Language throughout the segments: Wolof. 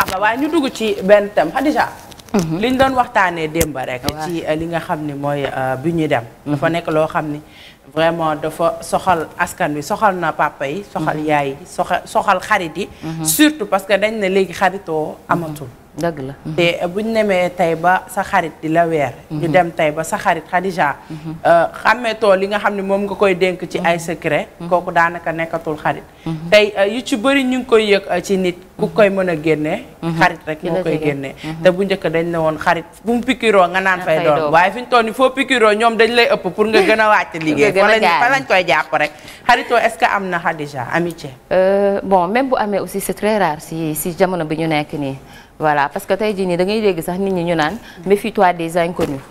baax waaye ñu dugg ci benn thème li mhm. liñ doon waxtaanee démb rek. ci euh, li nga xam ni mooy euh, bi ñuy dem. Mhm. dafa nekk loo xam ni vraiment dafa soxal askan wi soxal na papa yi. soxal mhm. yaay yi soxal soxal xarit yi. surtout parce que dañ ne léegi xaritoo amatul. dëgg la te euh, bu ñu demee tey ba sa xarit di la weer. ñu dem tey ba sa xarit Khadija. xàmmeetoo li nga xam ne moom nga koy dénk ci ay secret. kooku daanaka nekkatul xarit. tey yu ci bëri ñu ngi koy yëg ci nit. ku koy mën a génnee mhm. xarit rek moo koy génnee mhm. te bu njëkk dañ ne woon xarit bu mu pikiroo nga naan fay doon waaye fi ñu toll nii foo pikiroo ñoom dañ lay ëpp pour nga gën a wàcc liggéey fa lañ koy jàpp rek xaritoo est-ce que am na Khadija amitié euh, bon même bu amee aussi c'est très rare si si jamono bi ñu nekk nii voilà parce que tey jii nii da ngay dégg sax nit ñi ñu naan mhm. méfie-toi des inconnus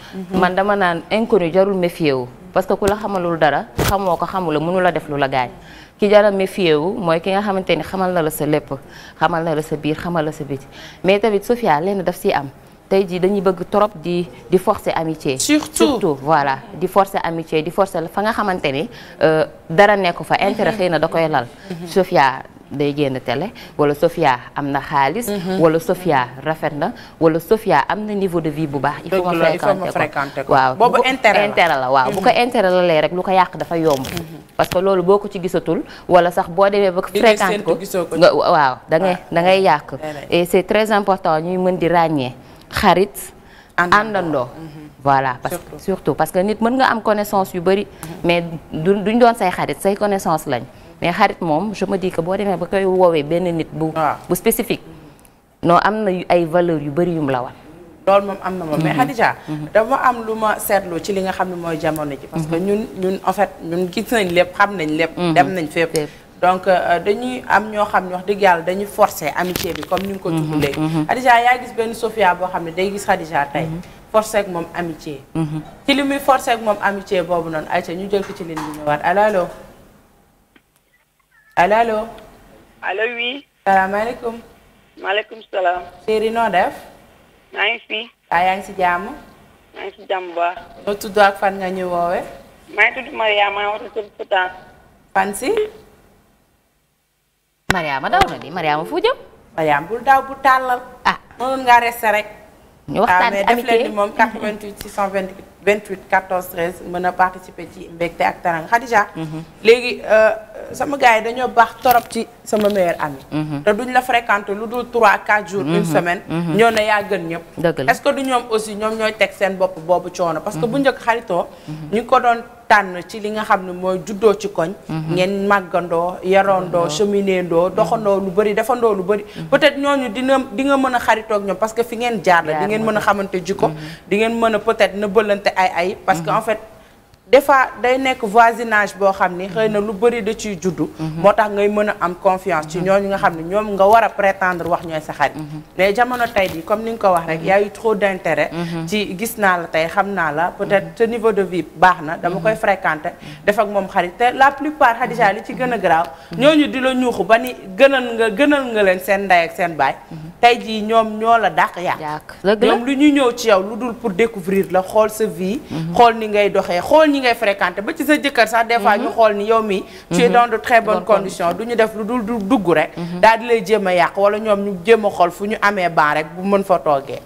man dama naan inconnu jarul méfier wu parce que ku la xamalul dara xamoo ko xamula mënu la def lu la gaañ ki jara méfier wu mooy ki nga xamante ni xamal na la sa lépp xamal na la sa biir xamal la sa biti mais tamit Sofia lenn daf si am tey jii dañuy bëgg trop di di forcer amitié. surtout surtout voilà di forcer amitié di la fa nga xamante ni euh, dara nekk fa mhm. intérêt xëy na da koy lal mhm. Sofia day génn tele wala Sofia am na xaalis. Mhm. wala Sofia rafet na wala Sofia am na niveau de vie bu baax. il faut ma fréquenter ko waaw boobu intérêt la waaw bu mhm. ko intérêt la lay rek lu ko yàq dafa yomb. Mhm. parce que loolu boo ko ci gisatul wala sax boo demee ba fréquente ko nga waaw da ngay da ngay yàq. e c'est très important ñuy mën di ràññee xarit. àndandoo voilà parce surtout parce que nit mën nga am connaissance yu bari. mais du duñ doon say xarit say connaissance lañ. mais xarit moom je me dis boo demee ba koy woowee benn nit bu ah. bu spécifique non am na ay valeur yu bëri yum la war loolu moom am na moom mais mhm. Khadija mhm. dama am lu ma seetlu ci li nga xam ne mooy jamono ji parce que mhm. ñun ñun en fait ñun gis nañ lépp xam nañ lépp dem nañ fépp donc euh, dañuy am ñoo xam ne wax dëgg yàlla dañuy forcer amitié bi comme ni nga ko tudd léegi Khadija yaa gis benn Sofia boo xam ne day gis Khadija tey forcé ak moom amitié ci li muy forcé ak moom amitié boobu noonu ayca ñu jël ko ci ligne bi ñëwaat allo allo allo allo. allo oui. salaamaaleykum. maaleykum salaam. chéri noo def. maa ngi fi. waaw ah, yaa ngi si jàmm. maa ngi si jàmm bu baax. noo tudd ak fan nga ñu woowe maa ngi tudd Mariama maa ngi wootee Potence. fan si. Mariama daw na di Mariama fu jëm. Mariama bul daw bu tàllal. ah mënoon ngaa rester rek. ñu waxtaan ah, ci amitié waaw mais def leen ni moom 88 628. 28 14 13 mën a participer ci mbégte ak tarang Khadija. Mhm. léegi euh, sama gars dañoo baax torop ci sama meilleur ami. Mhm. te duñ la fréquenter lu dul 3 4 jours. une mhm. semaine. ñoo ne yaa gën ñëpp. dëgg la que du ñoom aussi ñoom ñooy teg seen bopp boobu coono. parce que bu njëkk xaritoo. ñu ko doon tànn ci li nga xam ne mooy juddoo ci koñ. ngeen màggandoo yaroondoo cheminendoo doxandoo lu bëri defandoo lu bëri. peut-être ñooñu dina di nga mën a xaritoo ak ñoom parce que fi ngeen jaar la. ngeen mën a xamante jikko di ngeen a peut-être diggante ay ay parce que mhm. en fait des fois day nekk voisinage boo xam ni xëy na lu bëri de ciy juddu. Mhm. moo tax ngay mën a am confiance ci mhm. ñooñu nga xam ne ñoom nga war a prétendre wax ñooy sa xarit. mais jamono tey jii comme ni nga ko wax rek y a trop d' intérêt. ci gis naa la tey xam naa la peut-être ce niveau de vie baax na dama koy fréquenter def ak moom xarit te la plupart Xadija li ci gën a garaaw. ñooñu di la ñuuxu ba ni gënal nga gënal nga leen seen ndey ak seen baay. tey jii ñoom ñoo la dàq yàq ñoom lu ñuy ñëw ci yow lu dul pour découvrir la xool sa vie mhm. xool ni ngay doxee xool ñi ngay fréquenter ba ci sa jëkkër sax des ñu mhm. xool ni yow mi tu es mhm. dans de très du ñu def lu dul du dugg rek daal di lay jéem a yàq wala ñoom ñu jéem a xool fu ñu amee ban rek bu mën fa toogee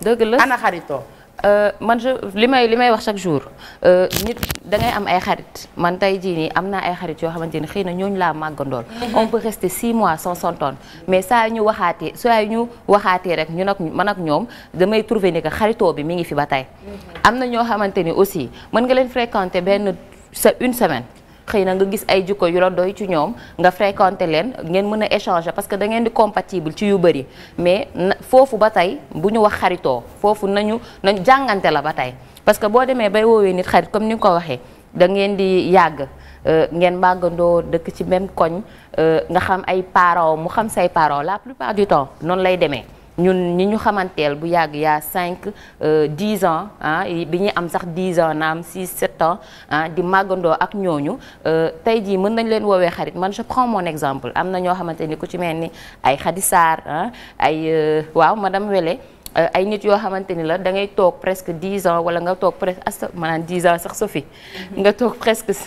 ana xaritoo Euh, man je li may li may wax chaque jour euh, nit da am ay xarit man tey jii nii am naa ay xarit yoo xamante ni xëy na ñooñu laa màggandool. Mhm. on peut rester six mois sans ton mais saa ñu waxaatee saa ñu waxaatee rek ñu nag man ak ñoom damay trouver ni que xaritoo bi mi ngi fi ba tey. Mhm. am na ñoo xamante ni aussi mën nga leen fréquenter benn sa une semaine. xëy na nga gis ay jikko yu la doy ci ñoom nga fréquenté leen ngeen mën a échanger parce que da ngeen di compatible ci yu bëri mais foofu ba tey bu ñu wax xaritoo foofu nañu nañu jàngante la ba tey parce que boo demee bay woowee nit xarit comme ni nga ko waxee da ngeen di yàgg euh, ngeen màggandoo dëkk ci même koñ euh, nga xam ay parents mu xam say parents la plupart du temps noonu lay demee ñun ñi ñu xamanteel bu yàgg yaa cinq euh, dix ans ah bi ñuy am sax dix ans naam six sept ans ah, di màggandoo ak ñooñu euh, tey jii mën nañ leen woowee xarit man je prends mon exemple am na ñoo xamante ni ku ci mel ni ay Khady Sarr ah, ay euh, waaw madame Wele Euh, ay nit yoo xamante ni la da ngay toog presque dix ans wala nga toog presque as ah, maanaam dix ans sax Sophie mm-hmm. nga toog presque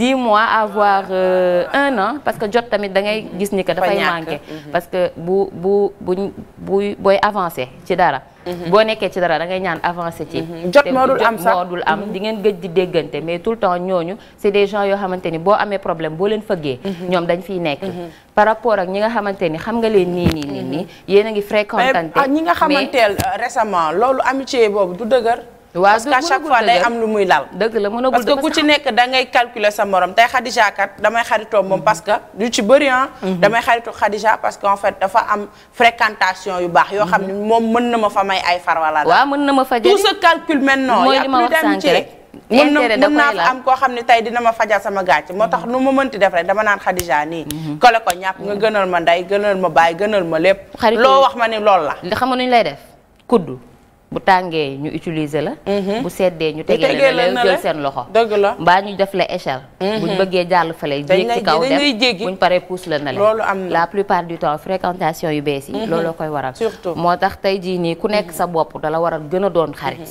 dix mois à voir euh, un an parce que jot tamit da ngay gis ni que dafay manqué mm-hmm. parce que bu bu bu buy booy avancé ci dara Mm-hmm. boo nekkee ci dara da ngay ñaan avancé ci. Mm-hmm. jot moo dul am sax di ngeen gëj di déggante mais tout le temps ñooñu c'est des gens yoo xamante ni boo amee problème boo leen fëggee. Mm-hmm. ñoom dañ fiy nekk. par rapport ak ñi nga xamante ni xam nga leen nii nii nii nii yéen a ngi fréquentante. Ah, ñi nga xamanteel euh, récemment loolu amitié boobu du dëgër. waaw parce que à chaque fois day am lu muy lal. dëgg la mënagul parce que ku ci nekk da ngay calculer sa morom tey Khadija kat damay xaritoo moom mhm. parce que du ci bëri ah. mhm. damay xaritu Khadija parce que en fait dafa am fréquentation yu baax. yoo xam mhm. ne moom mën na ma fa may ay far wala waaw mën na ma fa jëriñ tout ce calcul maintenant. mooy li ma wax sànq rek naa am koo xam ne tey dina ma fajal sama gàcce moo tax nu ma mënti def rek dama naan Khadija nii kole ko ñàpp nga gënal ma ndey gënal ma baay gënal ma lépp loo wax ma ni loolu la xam nga nuñ lay def kuddu bu tàngee ñu utiliser la. Mhm. bu seddee ñu tegee la la jël seen loxo. dëgg la mbaa ñu def la échelle. Mhm. buñ bëggee jàll fële. jéeg ci kaw dem buñ paree pousse la na leen. am la plupart du temps fréquentation yu bees yi. Mhm. looloo koy waral surtout moo tax tey jii nii ku nekk sa bopp dala waral gën a doon xarit.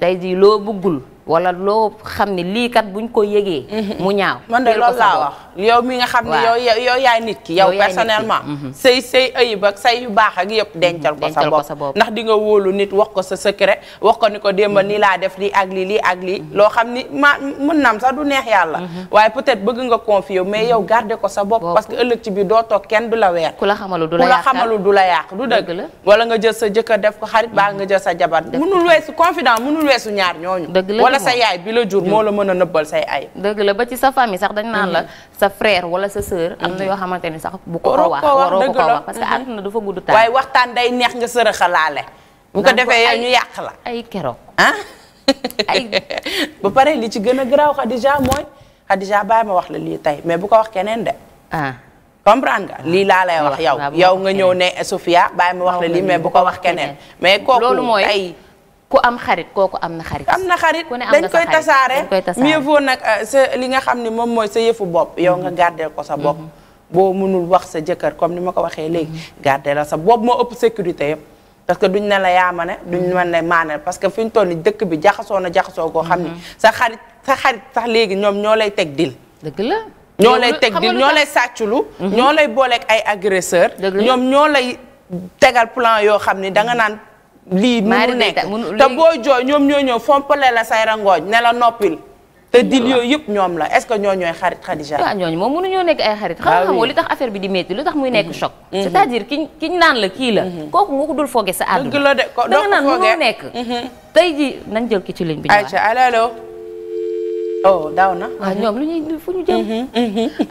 tey jii loo bëggul. wala loo xam ne lii kat buñ ko yëgee. mu mhm. ñaaw man de loolu laa wax yow mi nga xam ne yow yow yaay nit ki yow personnellement mhm. say say ayib ak say yu baax ak yëpp dencal ko sa bopp ndax di nga wóolu nit wax ko sa secret wax ko ni ko démba mhm. nii laa def lii ak lii lii ak lii loo xam ni ma mën naam sax du neex yàlla waaye peut-être bëgg nga confier mais yow garde ko sa bopp parce que ëllëg ci biir doo toog kenn du la weer ku la xamalul du la yàq ku la du la yàq du dëgg la wala nga jël sa jëkkër def ko xarit baa nga jël sa jabar mënul weesu confident mënul weesu ñaar wala sa yaay bi la jur moo la mën a nëbbal say ay dëgg la ba ci sa famille sax dañ naan la mm. sa frère wala sa sœur am na mm. yoo xamante ni sax bu ko ko wax ko wax parce que mm-hmm. bu ko ñu yàq la ay keroog ah ay ba pare li ci gën a garaaw Khadija mooy Khadija bàyyi ma wax la lii tey mais bu ko wax keneen de ah comprendre nga lii laa lay wax yow yow nga ñëw ne Sofia bàyyi ma wax la lii mais bu ko wax keneen mais kooku mooy ay ku am xarit kooku am na xarit. am na xarit dañ koy tasaare mieux vaut nag euh, sa li nga xam ni moom mooy sa yëfu bopp mm-hmm. yow nga gardeel ko sa bopp mm-hmm. boo mënul wax sa jëkkër comme ni ma ko waxee léegi mm-hmm. gardeel la sa bopp moo ëpp sécurité yëpp parce que duñ ne la yaama ne duñ mën ne maanal parce que fi ñu toll ni dëkk bi jaxasoo na jaxasoo koo xam ni sa xarit sa xarit sax léegi ñoom ñoo lay teg dil dëgg la ñoo lay teg dil ñoo lay sàcculu ñoo lay booleek ay agresseur ñoom ñoo lay tegal plan yoo xam ni danga naan lii mënul nekk te boo jooy ñoom ñoo ñëw fompale la say rangooñ ne la noppil te dil yooyu yëpp ñoom la est-ce que ñoo ñooy xarit Khadija waaw ñooñu moom mënuñoo nekk ay xarit ah xam xamoo li tax affaire bi di métti lu tax muy nekk mhm. choc mhm. c'est-à-dire kiñ kiñ naan la kii la mhm. kooku nga dul fooge sa àdduna de ko danga naan mënoo nekk tey ji nañ jël ki ci ligne bi ñu ayca allo allo oh na waaw ah, ñoom lu ñuy fu ñu jëm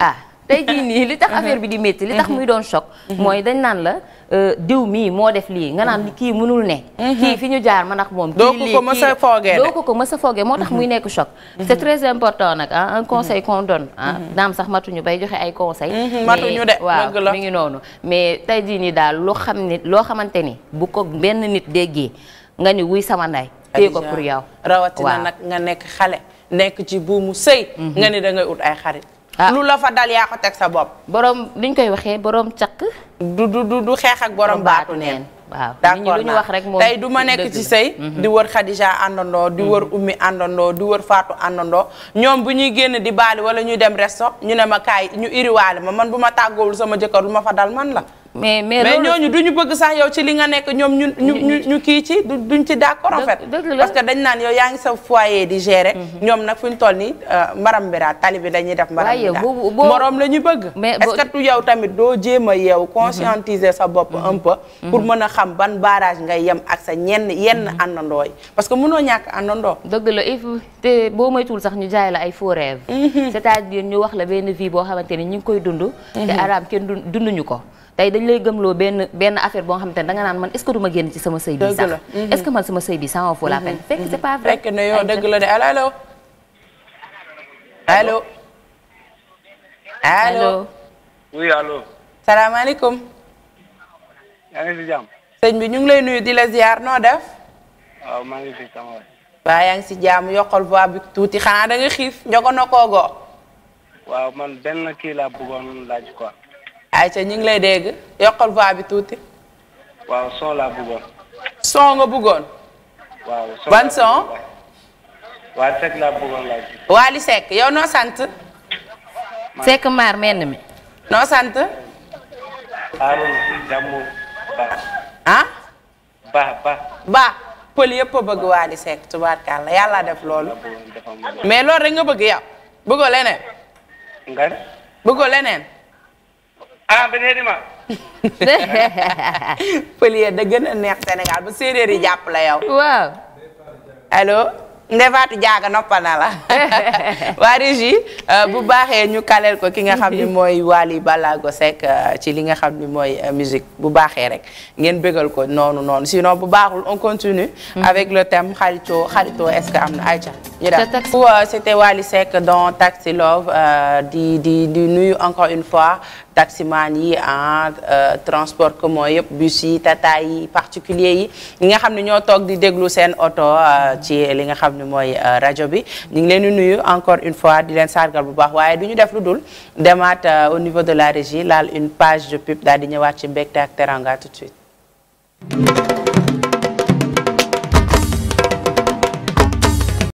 ah tey jii nii li tax mhm. affaire bi di métti li tax mhm. muy doon choc mhm. mooy dañ naan la euh, diw mii moo def lii nga naan kii mënul ne kii fi ñu jaar ma ak moom doo ko mës a foogee doo ko ko mës a foogee moo tax muy nekk choc c'est très important nag ah un conseil qu'on donne ah, naam sax matuñu bay joxe ay conseil matuñu de waaw mi ngi noonu mais tey jii nii daal loo xam ne loo xamante ni bu ko benn nit déggee nga ni wuy sama nay téye ko pour yow rawatina nag nga nekk xale nekk ci buumu sëy nga ni da ngay ut ay xarit Ah. lu la fa dal yaa ko teg sa bopp. borom ñu koy waxee borom caq du du du xeex ak borom baatu neen. waaw nit ñi lu ñu wax rek moom tey du ma nekk ci sëy mhm. di wër Khadija àndandoo di wër mhm. ummi àndandoo di wër faatu àndandoo ñoom bu ñuy génn di baali wala ñuy dem resto ñu ne ma kaay ñu iriwaale ma man bu ma tàggoowul sama jëkkër lu ma fa dal man la. mais mais mais ñooñu du ñu bëgg sax yow ci li nga nekk ñoom ñu ñu ñu kii ci duñ ci d'accord en fait. parce que dañ naan yow yaa ngi sa foyer di gérer. Mm-hmm. ñoom nag fu ñu toll nii euh, mbaram bira tali bi la ñuy def. mbaram bira moroom la ñu bëgg. mais ce que yow tamit doo jéem a yeew conscientiser sa bopp mm-hmm. un peu. Mm-hmm. pour mën a xam ban barrage ngay yem ak sa ñenn yenn àndandoo yi parce que munoo ñàkk àndandoo. dëgg la if te boo moytuwul sax ñu jaay la ay faux rêve. cest ñu wax la benn vie boo xamante ni ñu ngi koy dund. te araam kenn dunduñu ko tey dañ lay gëm loo benn benn affaire boo xam te ne danga naan man est-ce que du ma génn ci sama sëy bi sax mhm. sama sëy bi ça en vaut la mhm. peine fekk c'est pas vrai fekk na dëgg la de allo allo allo oui allo salaamaaleykum yaa ngi si jàmm sëñ bi ñu ngi lay nuyu di la ziar noo def waaw maa ngi fi sama waa yaa ngi si jàmm yokkal voix bi tuuti xanaa da xiif njogo na koogoo waaw man benn kii laa bëggoon laaj quoi ayca ñu ngi lay dégg yokkal voix bi tuuti. waaw son bëggoon. son nga bëggoon. waaw ban son. waa Seck laa yow noo sant. Seck maar menn mi. noo sant. Harun Jamu Ba. ah. Ba Ba. Ba pël yëpp a bëgg Waly Seck tubaarkàlla yàlla def loolu. mais loolu rek nga bëgg yow. bëggoo leneen. nga bëggoo leneen. ah ba nee di ma. Pëlier da gën a neex Sénégal ba séeréer yi jàpp la yow. waaw. allo. Ndefaatu jaaga noppal na la waa régie euh, bu baaxee ñu kaleel ko ki nga xam ni mooy Wally Ballago Seck euh, ci li nga xam ni mooy euh, musique bu baaxee rek ngeen bégal ko noonu noonu sinon bu baaxul on continue mm-hmm. avec le thème xaritoo xaritoo est am na ayca ñu daal c'était Wally Seck dans Taxi Love di di di nuyu encore une fois taximan yi ah, en euh, transport commun yëpp bus yi tata yi particulier yi ñi nga xam ne ñoo toog di déglu seen oto euh, ci li nga xam ne mooy euh, rajo bi ñu ngi leen di nuyu encore une fois di leen sargal bu baax waaye du ñu def lu dul demat au niveau de la régie laal une page de pub daal di ñëwaat ci mbégte ak teranga tout de suite